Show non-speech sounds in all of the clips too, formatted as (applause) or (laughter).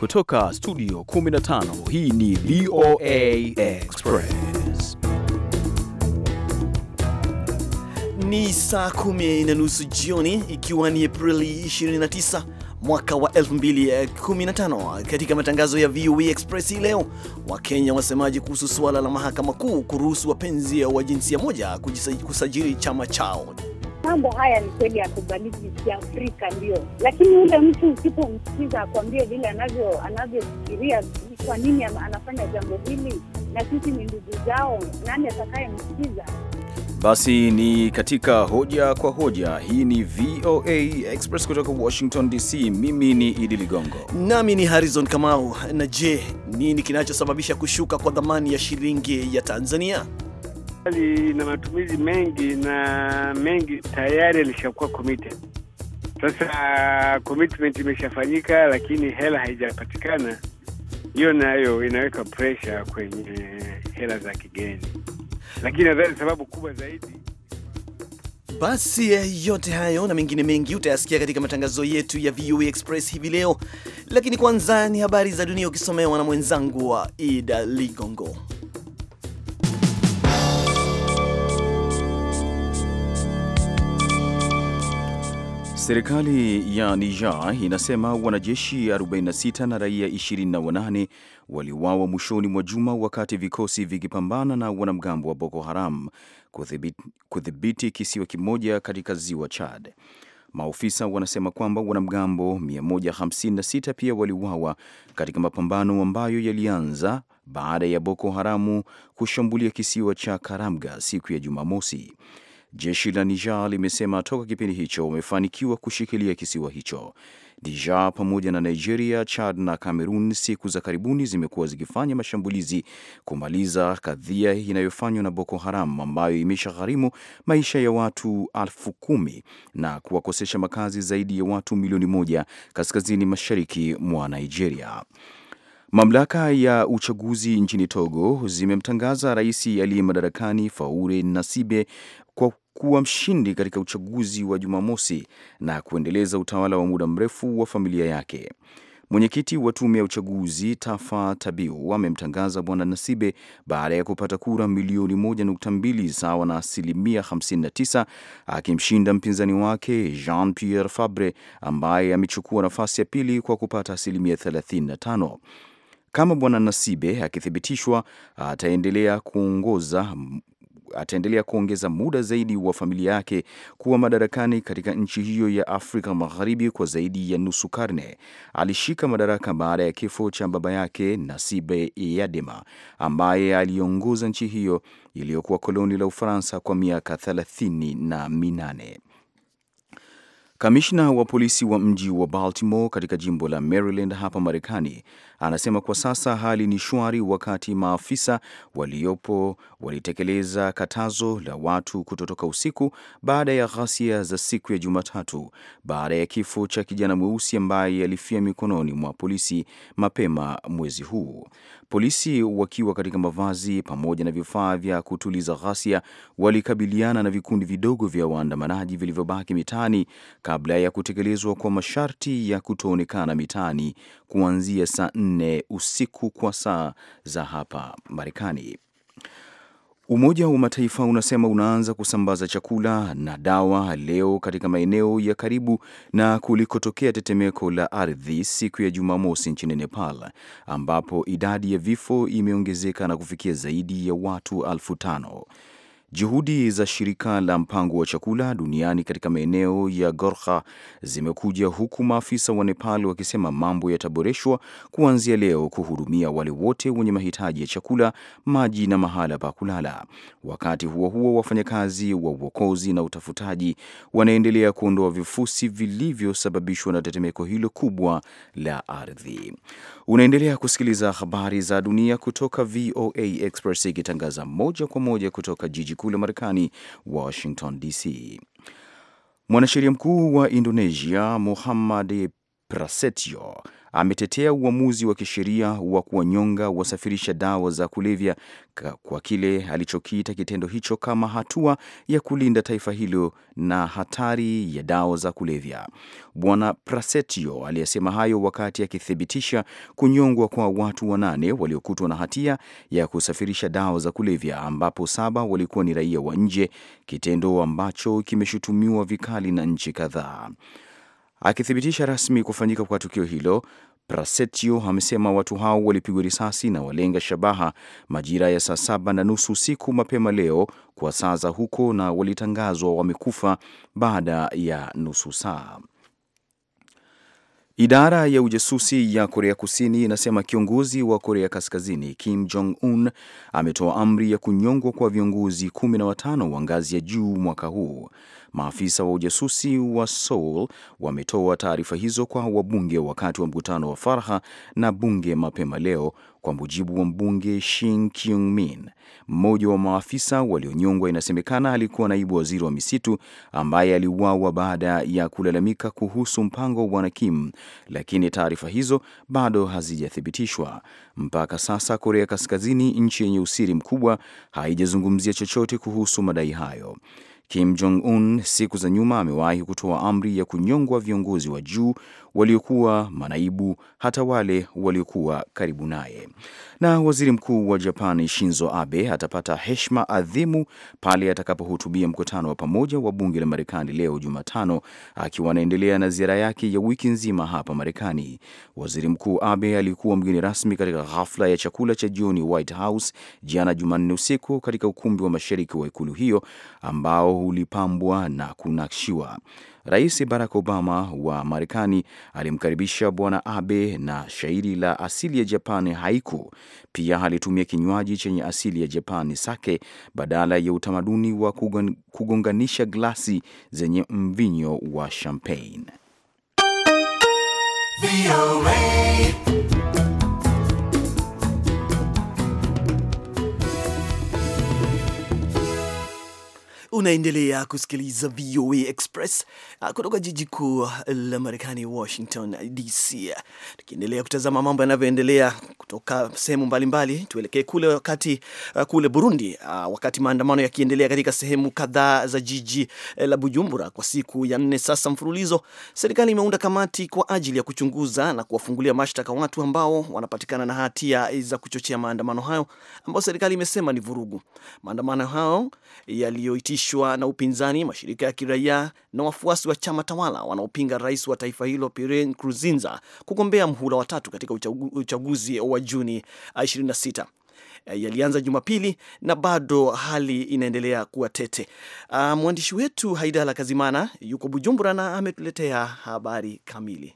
Kutoka studio 15 hii ni VOA Express. Ni saa kumi na nusu jioni ikiwa ni Aprili 29 mwaka wa 2015. Katika matangazo ya VOA Express hii leo, Wakenya wasemaji kuhusu suala la mahakama kuu kuruhusu wapenzi wa jinsia moja kujisajili chama chao. Mambo haya ni kweli yakubaliki kiafrika, ndio, lakini ule mtu usipomsikiza akwambie vile anavyo anavyofikiria kwa nini anafanya jambo hili, na sisi ni ndugu zao, nani atakayemsikiza? Basi ni katika hoja kwa hoja. Hii ni VOA Express kutoka Washington DC. Mimi ni Idi Ligongo nami ni Harrison Kamau. Na je, nini kinachosababisha kushuka kwa dhamani ya shilingi ya Tanzania? hali ina matumizi mengi na mengi tayari alishakuwa committed. Sasa commitment imeshafanyika, lakini hela haijapatikana. Hiyo nayo inaweka pressure kwenye hela za kigeni, lakini nadhani sababu kubwa zaidi basi eh, yote hayo na mengine mengi utayasikia katika matangazo yetu ya VOA Express hivi leo, lakini kwanza ni habari za dunia ukisomewa na mwenzangu wa Ida Ligongo. Serikali ya Niger inasema wanajeshi 46 na raia 28 waliuawa mwishoni mwa juma wakati vikosi vikipambana na wanamgambo wa Boko Haram kudhibiti kisiwa kimoja katika ziwa Chad. Maofisa wanasema kwamba wanamgambo 156 pia waliuawa katika mapambano ambayo yalianza baada ya Boko Haramu kushambulia kisiwa cha Karamga siku ya Jumamosi. Jeshi la Niger limesema toka kipindi hicho wamefanikiwa kushikilia kisiwa hicho. Niger pamoja na Nigeria, Chad na Cameroon siku za karibuni zimekuwa zikifanya mashambulizi kumaliza kadhia inayofanywa na Boko Haram ambayo imeshagharimu maisha ya watu elfu kumi na kuwakosesha makazi zaidi ya watu milioni moja kaskazini mashariki mwa Nigeria. Mamlaka ya uchaguzi nchini Togo zimemtangaza rais aliye madarakani Faure Nasibe kuwa mshindi katika uchaguzi wa Jumamosi na kuendeleza utawala wa muda mrefu wa familia yake. Mwenyekiti wa tume ya uchaguzi Tafa Tabiu amemtangaza bwana Nasibe baada ya kupata kura milioni 1.2 sawa na asilimia 59, akimshinda mpinzani wake Jean Pierre Fabre ambaye amechukua nafasi ya pili kwa kupata asilimia 35. Kama bwana Nasibe akithibitishwa, ataendelea kuongoza ataendelea kuongeza muda zaidi wa familia yake kuwa madarakani katika nchi hiyo ya Afrika Magharibi kwa zaidi ya nusu karne. Alishika madaraka baada ya kifo cha baba yake Nasibe Yadema ambaye aliongoza nchi hiyo iliyokuwa koloni la Ufaransa kwa miaka thelathini na minane. Kamishna wa polisi wa mji wa Baltimore katika jimbo la Maryland hapa Marekani anasema kwa sasa hali ni shwari, wakati maafisa waliopo walitekeleza katazo la watu kutotoka usiku baada ya ghasia za siku ya Jumatatu baada ya kifo cha kijana mweusi ambaye alifia mikononi mwa polisi mapema mwezi huu. Polisi wakiwa katika mavazi pamoja na vifaa vya kutuliza ghasia walikabiliana na vikundi vidogo vya waandamanaji vilivyobaki mitaani kabla ya kutekelezwa kwa masharti ya kutoonekana mitaani kuanzia saa nne usiku kwa saa za hapa Marekani. Umoja wa Mataifa unasema unaanza kusambaza chakula na dawa leo katika maeneo ya karibu na kulikotokea tetemeko la ardhi siku ya Jumamosi nchini Nepal, ambapo idadi ya vifo imeongezeka na kufikia zaidi ya watu elfu tano. Juhudi za shirika la mpango wa chakula duniani katika maeneo ya Gorkha zimekuja huku maafisa wa Nepal wakisema mambo yataboreshwa kuanzia leo kuhudumia wale wote wenye mahitaji ya chakula, maji na mahala pa kulala. Wakati huo huo, wafanyakazi wa uokozi na utafutaji wanaendelea kuondoa vifusi vilivyosababishwa na tetemeko hilo kubwa la ardhi. Unaendelea kusikiliza habari za dunia kutoka VOA Express ikitangaza moja kwa moja kutoka jiji kuu la Marekani, Washington DC. Mwanasheria mkuu wa Indonesia Muhammad Prasetyo ametetea uamuzi wa kisheria wa kuwanyonga wasafirisha dawa za kulevya kwa kile alichokiita kitendo hicho kama hatua ya kulinda taifa hilo na hatari ya dawa za kulevya. Bwana prasetio aliyesema hayo wakati akithibitisha kunyongwa kwa watu wanane waliokutwa na hatia ya kusafirisha dawa za kulevya, ambapo saba walikuwa ni raia wa nje, kitendo ambacho kimeshutumiwa vikali na nchi kadhaa. Akithibitisha rasmi kufanyika kwa tukio hilo, Prasetyo amesema watu hao walipigwa risasi na walenga shabaha majira ya saa saba na nusu usiku mapema leo kwa saa za huko, na walitangazwa wamekufa baada ya nusu saa. Idara ya ujasusi ya Korea Kusini inasema kiongozi wa Korea Kaskazini Kim Jong Un ametoa amri ya kunyongwa kwa viongozi 15 wa ngazi ya juu mwaka huu. Maafisa wa ujasusi wa Seoul wametoa taarifa hizo kwa wabunge wakati wa mkutano wa faraha na bunge mapema leo. Kwa mujibu wa mbunge Shin Kyung Min, mmoja wa maafisa walionyongwa inasemekana alikuwa naibu waziri wa misitu ambaye aliuawa baada ya kulalamika kuhusu mpango wa bwana Kim, lakini taarifa hizo bado hazijathibitishwa mpaka sasa. Korea Kaskazini, nchi yenye usiri mkubwa, haijazungumzia chochote kuhusu madai hayo. Kim Jong Un siku za nyuma amewahi kutoa amri ya kunyongwa viongozi wa juu waliokuwa manaibu, hata wale waliokuwa karibu naye. Na waziri mkuu wa Japan Shinzo Abe atapata heshima adhimu pale atakapohutubia mkutano wa pamoja wa bunge la Marekani leo Jumatano, akiwa anaendelea na ziara yake ya wiki nzima hapa Marekani. Waziri Mkuu Abe alikuwa mgeni rasmi katika ghafla ya chakula cha jioni White House jana Jumanne usiku katika ukumbi wa mashariki wa ikulu hiyo ambao ulipambwa na kunakshiwa. Rais Barack Obama wa Marekani alimkaribisha Bwana Abe na shairi la asili ya Japani haiku. Pia alitumia kinywaji chenye asili ya Japani sake badala ya utamaduni wa kugonganisha glasi zenye mvinyo wa champagne. Unaendelea kusikiliza VOA Express ah, kutoka jiji kuu la Marekani, Washington DC. Tukiendelea kutazama mambo yanavyoendelea kutoka sehemu mbalimbali, tuelekee kule wakati ah, kule Burundi, ah, wakati maandamano yakiendelea katika sehemu kadhaa za jiji eh, la Bujumbura kwa siku ya nne sasa mfululizo, serikali imeunda kamati kwa ajili ya kuchunguza na kuwafungulia mashtaka watu ambao wanapatikana na hatia za kuchochea maandamano hayo ambayo serikali imesema ni vurugu. Maandamano hayo yaliyoitishwa imeanzishwa na upinzani, mashirika ya kiraia na wafuasi wa chama tawala wanaopinga rais wa taifa hilo Pierre Nkurunziza kugombea mhula watatu katika uchaguzi wa Juni 26 eh, yalianza Jumapili na bado hali inaendelea kuwa tete. Ah, mwandishi wetu Haidala Kazimana yuko Bujumbura na ametuletea habari kamili.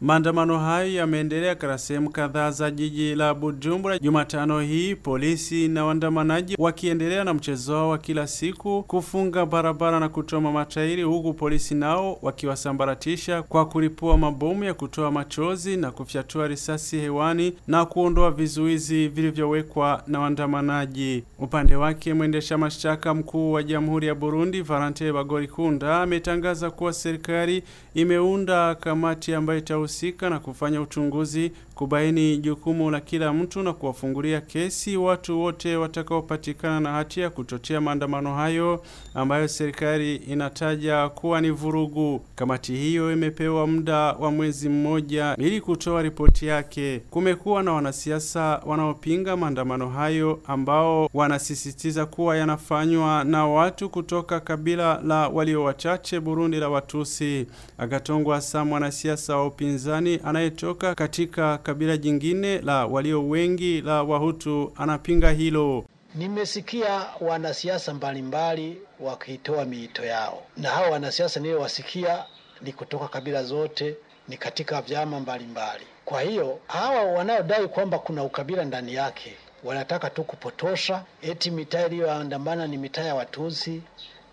Maandamano hayo yameendelea katika sehemu kadhaa za jiji la Bujumbura Jumatano hii, polisi na waandamanaji wakiendelea na mchezo wao wa kila siku kufunga barabara na kutoma matairi, huku polisi nao wakiwasambaratisha kwa kulipua mabomu ya kutoa machozi na kufyatua risasi hewani na kuondoa vizuizi vilivyowekwa na waandamanaji. Upande wake, mwendesha mashtaka mkuu wa Jamhuri ya Burundi Valentin Bagorikunda ametangaza kuwa serikali imeunda kamati ambayo wanaohusika na kufanya uchunguzi kubaini jukumu la kila mtu na kuwafungulia kesi watu wote watakaopatikana na hatia kuchochea maandamano hayo ambayo serikali inataja kuwa ni vurugu. Kamati hiyo imepewa muda wa mwezi mmoja ili kutoa ripoti yake. Kumekuwa na wanasiasa wanaopinga maandamano hayo ambao wanasisitiza kuwa yanafanywa na watu kutoka kabila la walio wachache Burundi la Watusi. Agatongwa sa mwanasiasa wa upinzani mpinzani anayetoka katika kabila jingine la walio wengi la Wahutu anapinga hilo. Nimesikia wanasiasa mbalimbali wakitoa miito yao, na hao wanasiasa niliowasikia ni kutoka kabila zote, ni katika vyama mbalimbali. Kwa hiyo hawa wanaodai kwamba kuna ukabila ndani yake wanataka tu kupotosha, eti mitaa iliyoandamana ni mitaa ya Watusi,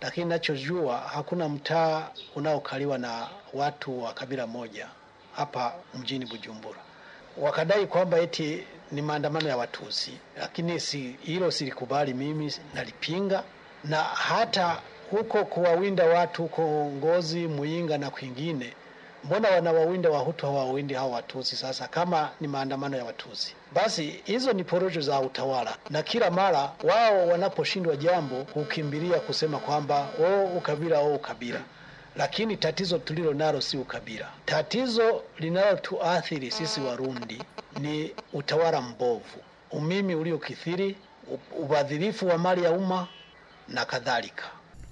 lakini nachojua hakuna mtaa unaokaliwa na watu wa kabila moja hapa mjini Bujumbura, wakadai kwamba eti ni maandamano ya Watusi, lakini si hilo, silikubali mimi, nalipinga na hata huko kuwawinda watu huko Ngozi, Muyinga na kwingine, mbona wanawawinda Wahutu hawawawindi hao Watusi? Sasa kama ni maandamano ya Watusi, basi hizo ni porojo za utawala, na kila mara wao wanaposhindwa jambo hukimbilia kusema kwamba o oh, ukabila, o oh, ukabila. Lakini tatizo tulilo nalo si ukabila. Tatizo linalotuathiri sisi Warundi ni utawala mbovu, umimi uliokithiri, ubadhirifu wa mali ya umma na kadhalika.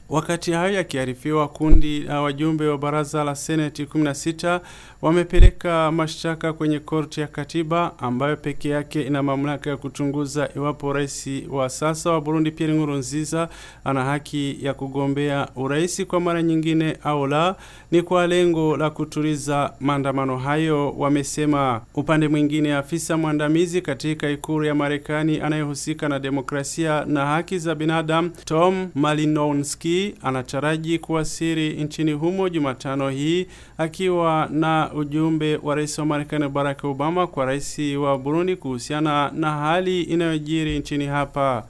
Wakati hayo yakiarifiwa, kundi la wajumbe wa baraza la seneti 16 wamepeleka mashtaka kwenye korti ya katiba ambayo peke yake ina mamlaka ya kuchunguza iwapo rais wa sasa wa Burundi Pierre Nkurunziza ana haki ya kugombea urais kwa mara nyingine au la. Ni kwa lengo la kutuliza maandamano hayo, wamesema. Upande mwingine, afisa mwandamizi katika ikulu ya Marekani anayehusika na demokrasia na haki za binadamu Tom Malinowski anataraji kuwasili nchini humo Jumatano hii akiwa na ujumbe wa rais wa Marekani Barack Obama kwa rais wa Burundi kuhusiana na hali inayojiri nchini hapa.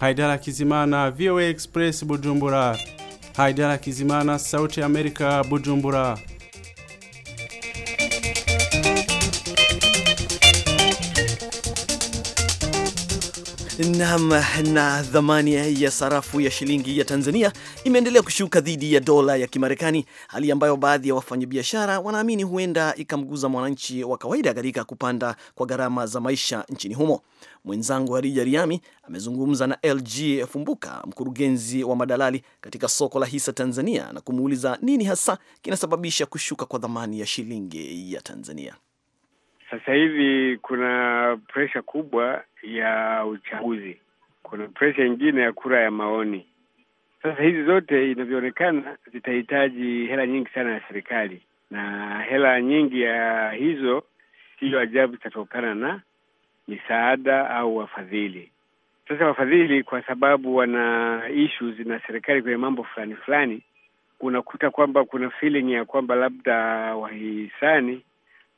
Haidara Kizimana, VOA Express, Bujumbura. Haidara Kizimana, Sauti ya Amerika, Bujumbura. nam na dhamani ya sarafu ya shilingi ya Tanzania imeendelea kushuka dhidi ya dola ya Kimarekani, hali ambayo baadhi ya wafanyabiashara wanaamini huenda ikamguza mwananchi wa kawaida katika kupanda kwa gharama za maisha nchini humo. Mwenzangu harija Riami amezungumza na LG Fumbuka, mkurugenzi wa madalali katika soko la hisa Tanzania, na kumuuliza nini hasa kinasababisha kushuka kwa dhamani ya shilingi ya Tanzania. Sasa hivi kuna presha kubwa ya uchaguzi, kuna presha nyingine ya kura ya maoni. Sasa hizi zote inavyoonekana zitahitaji hela nyingi sana ya serikali, na hela nyingi ya hizo siyo ajabu zitatokana na misaada au wafadhili. Sasa wafadhili, kwa sababu wana issues na serikali kwenye mambo fulani fulani, unakuta kwamba kuna feeling ya kwamba labda wahisani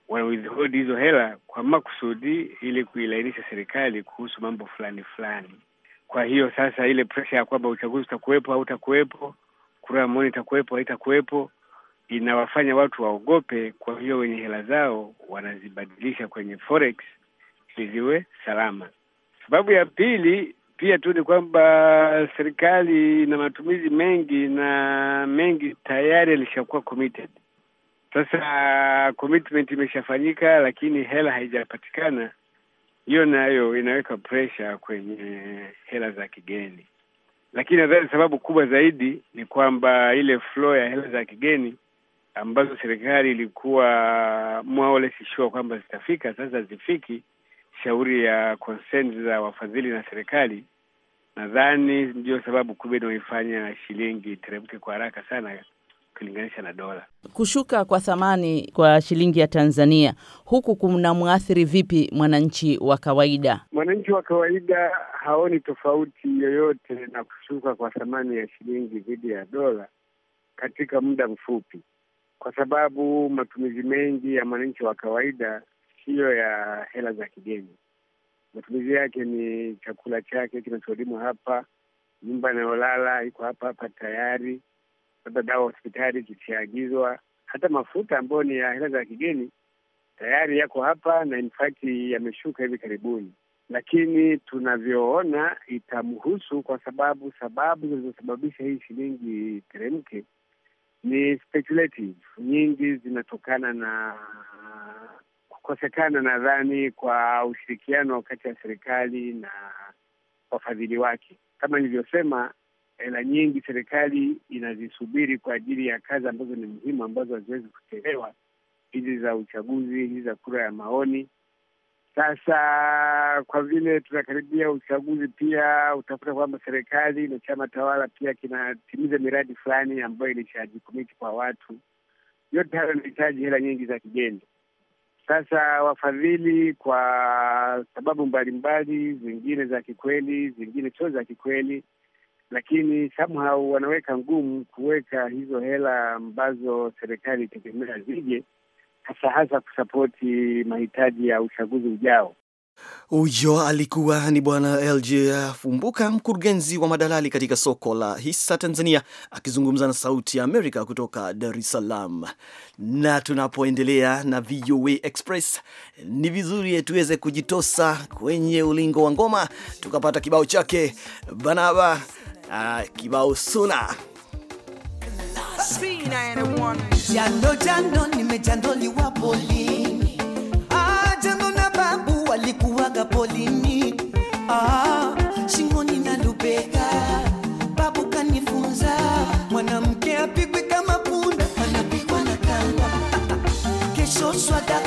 wana hizo hela kwa makusudi ili kuilainisha serikali kuhusu mambo fulani fulani. Kwa hiyo sasa ile presha ya kwamba uchaguzi utakuwepo au utakuwepo, kura ya maoni itakuwepo haitakuwepo, inawafanya watu waogope. Kwa hiyo wenye hela zao wanazibadilisha kwenye forex ili ziwe salama. Sababu ya pili pia tu ni kwamba serikali ina matumizi mengi na mengi tayari alishakuwa committed sasa commitment imeshafanyika, lakini hela haijapatikana. Hiyo nayo inaweka pressure kwenye hela za kigeni, lakini nadhani sababu kubwa zaidi ni kwamba ile flow ya hela za kigeni ambazo serikali ilikuwa mwaolesishua kwamba zitafika, sasa zifiki. Shauri ya consent za wafadhili na serikali, nadhani ndio sababu kubwa inaoifanya shilingi iteremke kwa haraka sana ukilinganisha na dola. Kushuka kwa thamani kwa shilingi ya Tanzania huku kuna mwathiri vipi mwananchi wa kawaida? Mwananchi wa kawaida haoni tofauti yoyote na kushuka kwa thamani ya shilingi dhidi ya dola katika muda mfupi, kwa sababu matumizi mengi ya mwananchi wa kawaida siyo ya hela za kigeni. Matumizi yake ni chakula chake kinacholimwa hapa, nyumba anayolala iko hapa hapa tayari labda dawa hospitali zikiagizwa, hata mafuta ambayo ni ya hela za kigeni tayari yako hapa na in fact yameshuka hivi karibuni, lakini tunavyoona itamhusu kwa sababu sababu zilizosababisha hii shilingi iteremke ni speculative, nyingi zinatokana na kukosekana nadhani kwa ushirikiano kati ya serikali na wafadhili wake. Kama nilivyosema, hela nyingi serikali inazisubiri kwa ajili ya kazi ambazo ni muhimu, ambazo haziwezi kuchelewa, hizi za uchaguzi, hizi za kura ya maoni. Sasa kwa vile tunakaribia uchaguzi, pia utakuta kwamba serikali na chama tawala pia kinatimiza miradi fulani ambayo ilishajikomiti kwa watu. Yote hayo inahitaji hela nyingi za kigeni. Sasa wafadhili kwa sababu mbalimbali, zingine za kikweli, zingine sio za kikweli lakini somehow wanaweka ngumu kuweka hizo hela ambazo serikali itegemea zije hasa hasa kusapoti mahitaji ya uchaguzi ujao. Huyo alikuwa ni bwana LG Fumbuka, mkurugenzi wa madalali katika soko la hisa Tanzania, akizungumza na Sauti ya Amerika kutoka Dar es Salaam. Na tunapoendelea na VOA Express, ni vizuri tuweze kujitosa kwenye ulingo wa ngoma, tukapata kibao chake Banaba, uh, kibao suna jando jando, nimejandoliwa walikuwaga polini, ah, shingoni na lubega. Babu kanifunza mwanamke apikwi kama punda, anapikwa na kamba, (laughs) kesho swada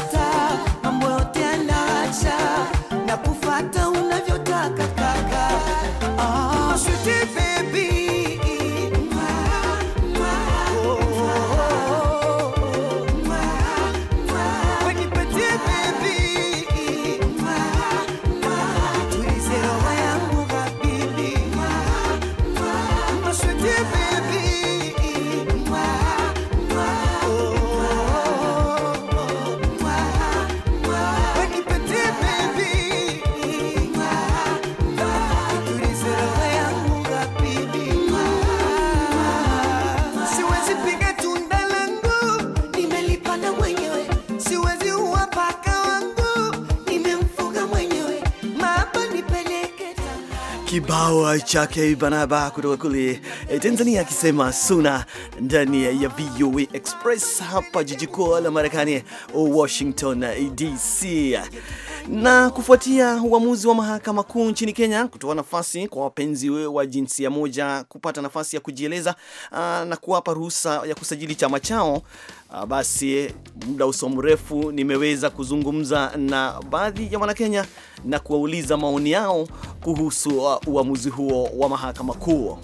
kibao chake Banaba kutoka kule eh, Tanzania akisema suna ndani ya VOA Express hapa jiji kuu la Marekani, Washington eh, DC. Na kufuatia uamuzi wa mahakama kuu nchini Kenya kutoa nafasi kwa wapenzi wa jinsia moja kupata nafasi ya kujieleza ah, na kuwapa ruhusa ya kusajili chama chao, ah, basi muda usio mrefu nimeweza kuzungumza na baadhi ya Wanakenya na kuwauliza maoni yao kuhusu ah, uamuzi huo wa mahakama kuu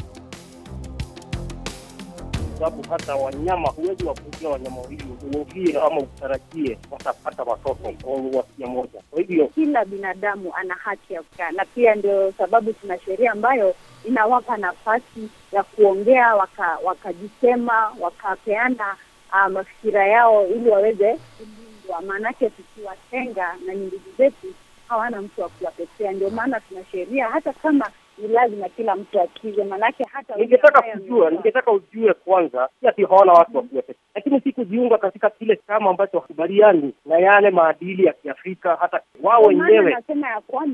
sababu hata wanyama huwezi wafungia wanyama hiyo uogie ama utarajie watapata watoto wasia moja. Kwa hivyo kila binadamu ana haki ya kukaa, na pia ndio sababu tuna sheria ambayo inawapa nafasi ya kuongea wakajisema, waka wakapeana uh, mafikira yao ili waweze kulindwa. Maanake tukiwatenga na nyindugu zetu hawana mtu wa kuwatetea. Ndio maana tuna sheria hata kama ni lazima kila mtu akize, maanake hata ningetaka kujua, ningetaka ujue kwanza, si hawana watu wa lakini si kujiunga katika kile chama ambacho hakubaliani na yale maadili ya Kiafrika. Hata wao wenyewe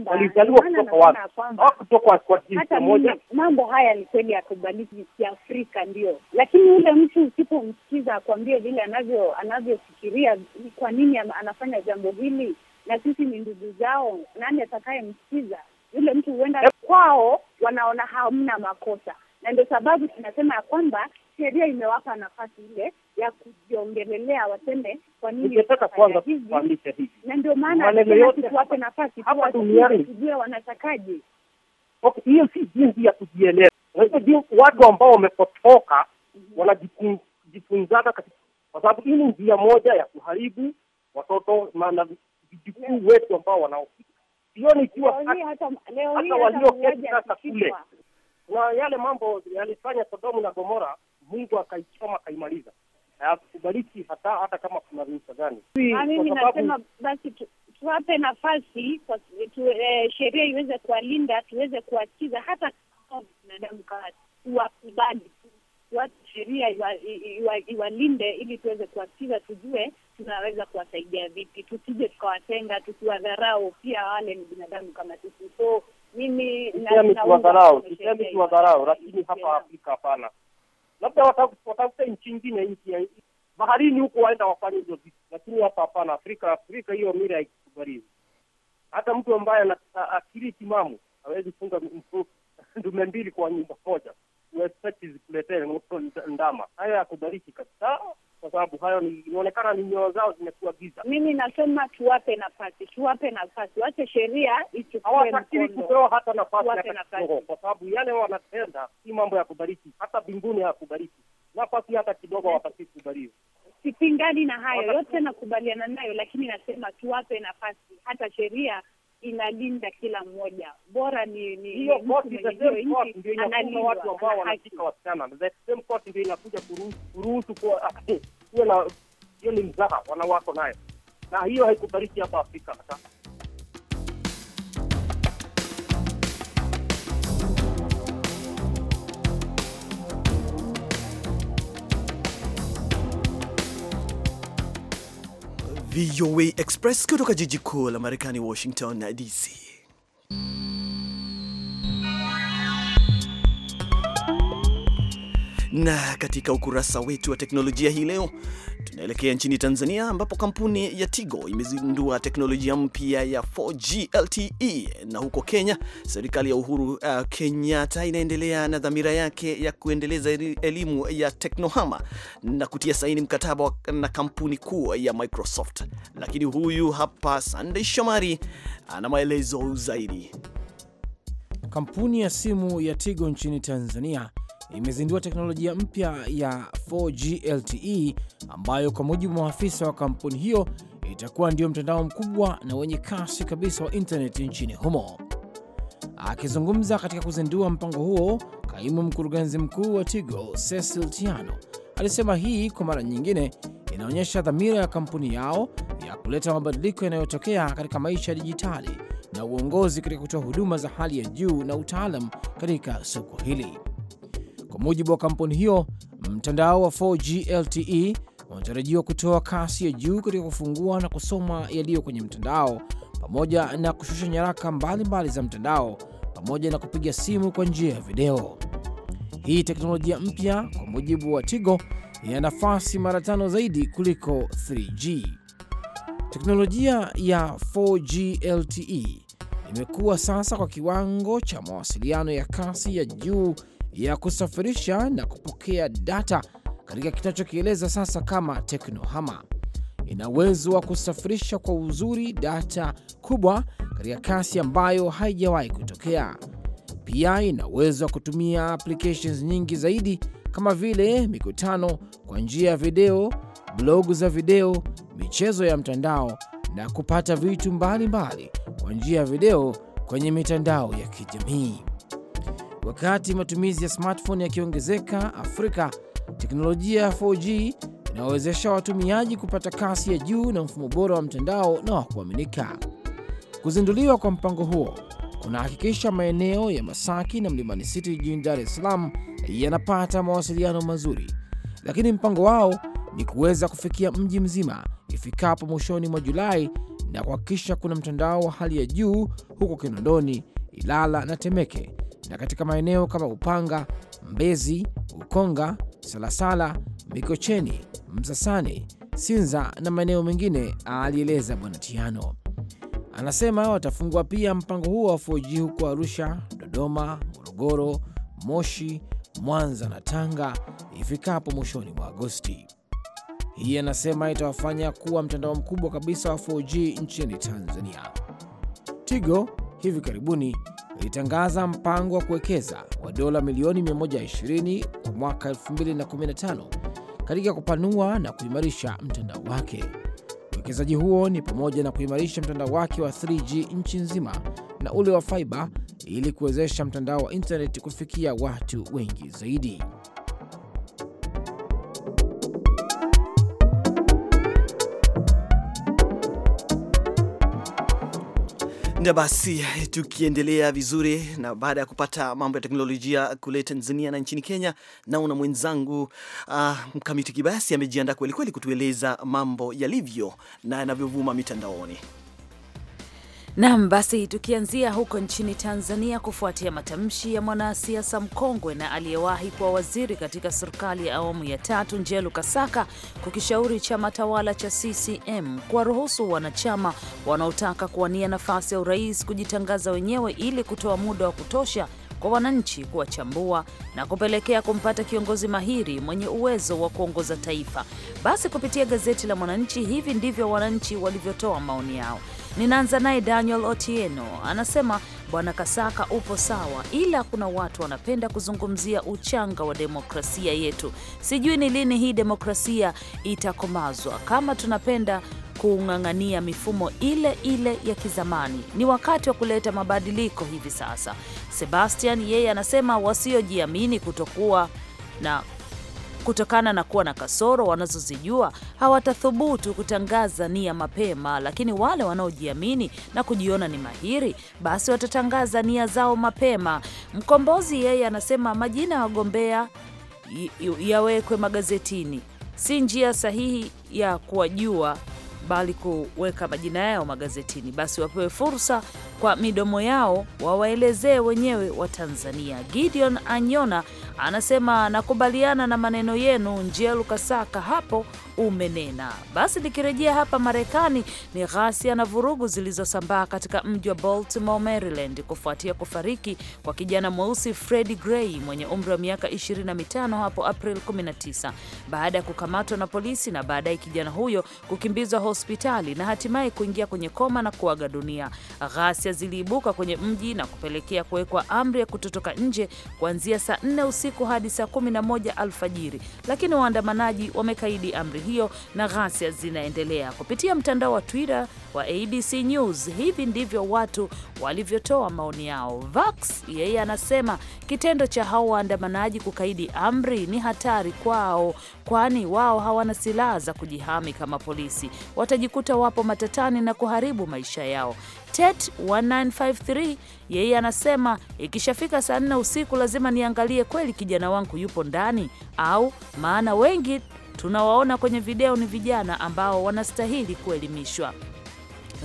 walizaliwa kutoka wapi? Hawakutoka kwa jinsi moja. Mambo haya ni kweli yakubaliki Kiafrika, ndio, lakini ule mtu usipomsikiza akwambie vile anavyo anavyofikiria, kwa nini anafanya jambo hili, na sisi ni ndugu zao, nani atakayemsikiza? yule mtu huenda kwao wanaona hamna makosa, na ndio sababu tunasema ya kwamba sheria imewapa nafasi ile ya kujiongelelea, waseme kwa nini kwanza hivi, na ndio maana tuwape nafasi hapa duniani tujue wanatakaje. Okay, hiyo si jinsi ya kujieleza. watu ambao wamepotoka mhm. wanajifunzaka katika, kwa sababu hii ni njia moja ya kuharibu watoto na vijukuu wetu ambao wanaofika sioni ikiwa hata walioketi sasa kule na yale mambo yalifanya Sodomu na Gomora, Mungu akaichoma akaimaliza, akubariki hata hata kama kuna ruhusa gani. Ah, mimi nasema basi tuwape nafasi kwa tu, eh, sheria iweze kuwalinda tuweze kuwasikiza hata binadamu kama wakubali watu sheria iwalinde ili tuweze kuwasikiza, tujue tunaweza kuwasaidia vipi, tusije tukawatenga tukiwadharau. Pia wale ni binadamu kama sisi, so mimi tuwadharau, sisemi tuwadharau, lakini hapa Afrika hapana, labda watafute nchi ingine nchi baharini huko waenda wafanye hizo vitu, lakini hapa hapana. Afrika Afrika hiyo mira haikubaliwi. Hata mtu ambaye ana akili timamu hawezi funga (laughs) ndume mbili kwa nyumba moja uexpect zikuletee ndama. Haya yakubariki kabisa, kwa sababu hayo inaonekana ni nyoo zao zimekuwa giza. Mimi nasema tuwape nafasi, tuwape nafasi, wache sheria ichukue, kupewa hata nafasi, kwa sababu yale wanatenda si mambo ya kubariki, hata binguni hayakubariki. Nafasi hata kidogo hawapasii kubariwa. Sipingani na hayo yote, nakubaliana nayo, lakini nasema tuwape nafasi, hata sheria inalinda kila mmoja, bora ni hiyo koti ndio inafunga watu ambao wanashika wasichana. The same court ndio inakuja kuruhusu (laughs) hiyo, ni mzaha wanawako nayo, na hiyo haikubariki hapa Afrika hata VOA Express kutoka jiji kuu la Marekani, Washington DC. Na katika ukurasa wetu wa teknolojia hii leo Tunaelekea nchini Tanzania ambapo kampuni ya Tigo imezindua teknolojia mpya ya 4G LTE, na huko Kenya serikali ya Uhuru uh, Kenyatta inaendelea na dhamira yake ya kuendeleza elimu ya teknohama na kutia saini mkataba na kampuni kuu ya Microsoft. Lakini huyu hapa Sunday Shomari ana maelezo zaidi. Kampuni ya simu ya Tigo nchini Tanzania imezindua teknolojia mpya ya 4G LTE ambayo kwa mujibu wa maafisa wa kampuni hiyo itakuwa ndio mtandao mkubwa na wenye kasi kabisa wa intaneti nchini humo. Akizungumza katika kuzindua mpango huo, kaimu mkurugenzi mkuu wa Tigo Cecil Tiano alisema hii kwa mara nyingine inaonyesha dhamira ya kampuni yao ya kuleta mabadiliko yanayotokea katika maisha ya dijitali na uongozi katika kutoa huduma za hali ya juu na utaalam katika soko hili. Kwa mujibu wa kampuni hiyo, mtandao wa 4G LTE unatarajiwa kutoa kasi ya juu katika kufungua na kusoma yaliyo kwenye mtandao pamoja na kushusha nyaraka mbalimbali mbali za mtandao pamoja na kupiga simu kwa njia ya video. Hii teknolojia mpya, kwa mujibu wa Tigo, ina nafasi mara tano zaidi kuliko 3G. Teknolojia ya 4G LTE imekuwa sasa kwa kiwango cha mawasiliano ya kasi ya juu ya kusafirisha na kupokea data katika kinachokieleza sasa kama teknohama. Ina uwezo wa kusafirisha kwa uzuri data kubwa katika kasi ambayo haijawahi kutokea. Pia ina uwezo wa kutumia applications nyingi zaidi kama vile mikutano kwa njia ya video, blogu za video, michezo ya mtandao na kupata vitu mbalimbali kwa njia ya video kwenye mitandao ya kijamii. Wakati matumizi ya smartphone yakiongezeka Afrika, teknolojia ya 4G inawawezesha watumiaji kupata kasi ya juu na mfumo bora wa mtandao na wa kuaminika. Kuzinduliwa kwa mpango huo kunahakikisha maeneo ya Masaki na Mlimani City jijini Dar es Salaam yanapata mawasiliano mazuri, lakini mpango wao ni kuweza kufikia mji mzima ifikapo mwishoni mwa Julai na kuhakikisha kuna mtandao wa hali ya juu huko Kinondoni, Ilala na Temeke na katika maeneo kama Upanga, Mbezi, Ukonga, Salasala, Mikocheni, Msasani, Sinza na maeneo mengine, alieleza Bwana Tiano. Anasema watafungua pia mpango huo wa 4G huko Arusha, Dodoma, Morogoro, Moshi, Mwanza na Tanga ifikapo mwishoni mwa Agosti. Hii anasema itawafanya kuwa mtandao mkubwa kabisa wa 4G nchini Tanzania. Tigo hivi karibuni ilitangaza mpango wa kuwekeza wa dola milioni 120 kwa mwaka 2015 katika kupanua na kuimarisha mtandao wake. Uwekezaji huo ni pamoja na kuimarisha mtandao wake wa 3G nchi nzima na ule wa faiba ili kuwezesha mtandao wa intaneti kufikia watu wengi zaidi. Na basi tukiendelea vizuri, na baada ya kupata mambo ya teknolojia kule Tanzania na nchini Kenya, naona mwenzangu uh, Mkamiti Kibasi amejiandaa kwelikweli kutueleza mambo yalivyo na yanavyovuma mitandaoni. Nam, basi tukianzia huko nchini Tanzania, kufuatia matamshi ya mwanasiasa mkongwe na aliyewahi kuwa waziri katika serikali ya awamu ya tatu Njelu Kasaka kukishauri chama tawala cha CCM kuwaruhusu wanachama wanaotaka kuwania nafasi ya urais kujitangaza wenyewe ili kutoa muda wa kutosha kwa wananchi kuwachambua na kupelekea kumpata kiongozi mahiri mwenye uwezo wa kuongoza taifa. Basi kupitia gazeti la Mwananchi, hivi ndivyo wananchi walivyotoa maoni yao. Ninaanza naye Daniel Otieno anasema, Bwana Kasaka upo sawa, ila kuna watu wanapenda kuzungumzia uchanga wa demokrasia yetu. Sijui ni lini hii demokrasia itakomazwa kama tunapenda kung'ang'ania mifumo ile ile ya kizamani. Ni wakati wa kuleta mabadiliko hivi sasa. Sebastian yeye anasema wasiojiamini kutokuwa na Kutokana na kuwa na kasoro wanazozijua, hawatathubutu kutangaza nia mapema, lakini wale wanaojiamini na kujiona ni mahiri, basi watatangaza nia zao mapema. Mkombozi yeye anasema majina ya wagombea yawekwe magazetini, si njia sahihi ya kuwajua bali kuweka majina yao magazetini. Basi wapewe fursa kwa midomo yao, wawaelezee wenyewe wa tanzania Gideon Anyona anasema nakubaliana na maneno yenu Njelu Kasaka hapo umenena. Basi nikirejea hapa Marekani, ni ghasia na vurugu zilizosambaa katika mji wa Baltimore, Maryland, kufuatia kufariki kwa kijana mweusi Freddie Gray mwenye umri wa miaka 25 hapo April 19 baada ya kukamatwa na polisi na baadaye kijana huyo kukimbizwa hospitali na hatimaye kuingia kwenye koma na kuaga dunia. Ghasia ziliibuka kwenye mji na kupelekea kuwekwa amri ya kutotoka nje kuanzia saa 4 usiku hadi saa 11 alfajiri, lakini waandamanaji wamekaidi amri hiyo na ghasia zinaendelea. Kupitia mtandao wa Twitter wa ABC News, hivi ndivyo watu walivyotoa maoni yao. Vax yeye anasema kitendo cha hao waandamanaji kukaidi amri ni hatari kwao, kwani wao hawana silaha za kujihami kama polisi, watajikuta wapo matatani na kuharibu maisha yao. Tet 1953 yeye anasema ikishafika saa nne usiku lazima niangalie kweli kijana wangu yupo ndani au, maana wengi tunawaona kwenye video ni vijana ambao wanastahili kuelimishwa.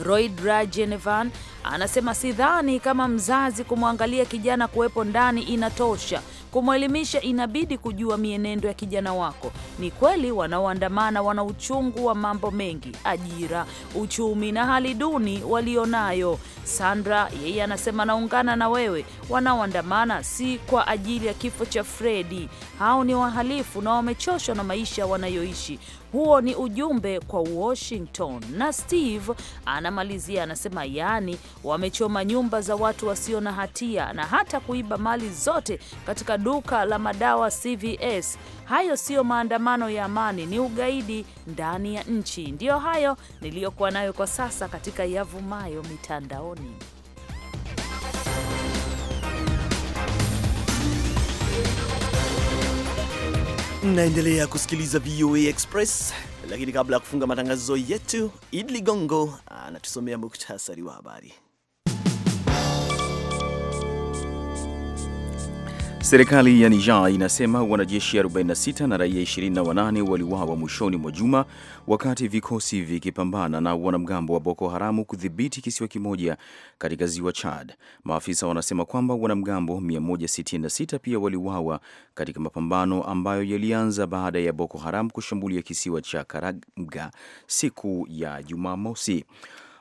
Royd Rajenevan anasema sidhani kama mzazi kumwangalia kijana kuwepo ndani inatosha, Kumwelimisha, inabidi kujua mienendo ya kijana wako. Ni kweli wanaoandamana wana uchungu wa mambo mengi, ajira, uchumi na hali duni walionayo. Sandra yeye anasema naungana na wewe, wanaoandamana si kwa ajili ya kifo cha Fredi. Hao ni wahalifu na wamechoshwa na maisha wanayoishi. Huo ni ujumbe kwa Washington. Na Steve anamalizia anasema, yaani wamechoma nyumba za watu wasio na hatia na hata kuiba mali zote katika duka la madawa CVS. Hayo siyo maandamano ya amani, ni ugaidi ndani ya nchi. Ndiyo hayo niliyokuwa nayo kwa sasa katika yavumayo mitandaoni. Naendelea kusikiliza VOA Express, lakini kabla ya kufunga matangazo yetu, Idli Gongo anatusomea muktasari wa habari. Serikali ya Niger inasema wanajeshi 46 na raia 28 waliuawa mwishoni mwa juma wakati vikosi vikipambana na wanamgambo wa Boko Haramu kudhibiti kisiwa kimoja katika ziwa Chad. Maafisa wanasema kwamba wanamgambo 166 pia waliuawa katika mapambano ambayo yalianza baada ya Boko Haram kushambulia kisiwa cha Karamga siku ya Jumamosi.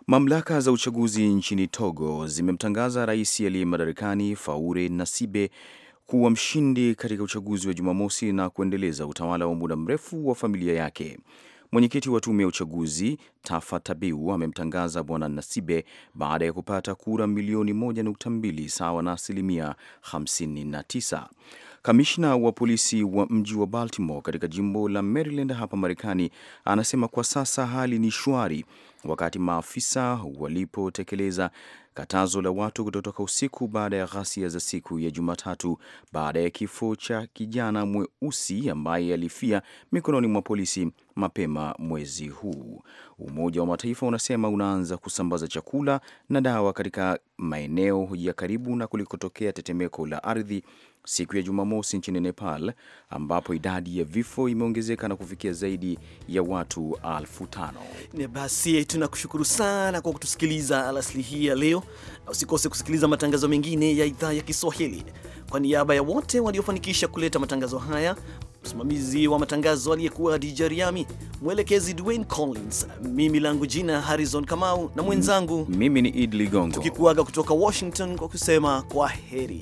Mamlaka za uchaguzi nchini Togo zimemtangaza rais aliye madarakani Faure Nasibe kuwa mshindi katika uchaguzi wa Jumamosi na kuendeleza utawala wa muda mrefu wa familia yake. Mwenyekiti wa tume ya uchaguzi Tafa Tabiu amemtangaza Bwana Nasibe baada ya kupata kura milioni 1.2 sawa na asilimia 59. Kamishna wa polisi wa mji wa Baltimore katika jimbo la Maryland hapa Marekani anasema kwa sasa hali ni shwari, wakati maafisa walipotekeleza katazo la watu kutotoka usiku baada ya ghasia za siku ya Jumatatu baada ya kifo cha kijana mweusi ambaye alifia mikononi mwa polisi mapema mwezi huu. Umoja wa Mataifa unasema unaanza kusambaza chakula na dawa katika maeneo ya karibu na kulikotokea tetemeko la ardhi siku ya Jumamosi nchini Nepal, ambapo idadi ya vifo imeongezeka na kufikia zaidi ya watu elfu tano. basi, eh, tunakushukuru sana kwa kutusikiliza alasiri hii ya leo, na usikose kusikiliza matangazo mengine ya idhaa ya Kiswahili. Kwa niaba ya wote waliofanikisha kuleta matangazo haya, msimamizi wa matangazo aliyekuwa dijariami mwelekezi Dwayne Collins, mimi langu jina Harrison Kamau na mwenzangu mimi ni id Ligongo, tukikuaga kutoka Washington kwa kusema kwa heri.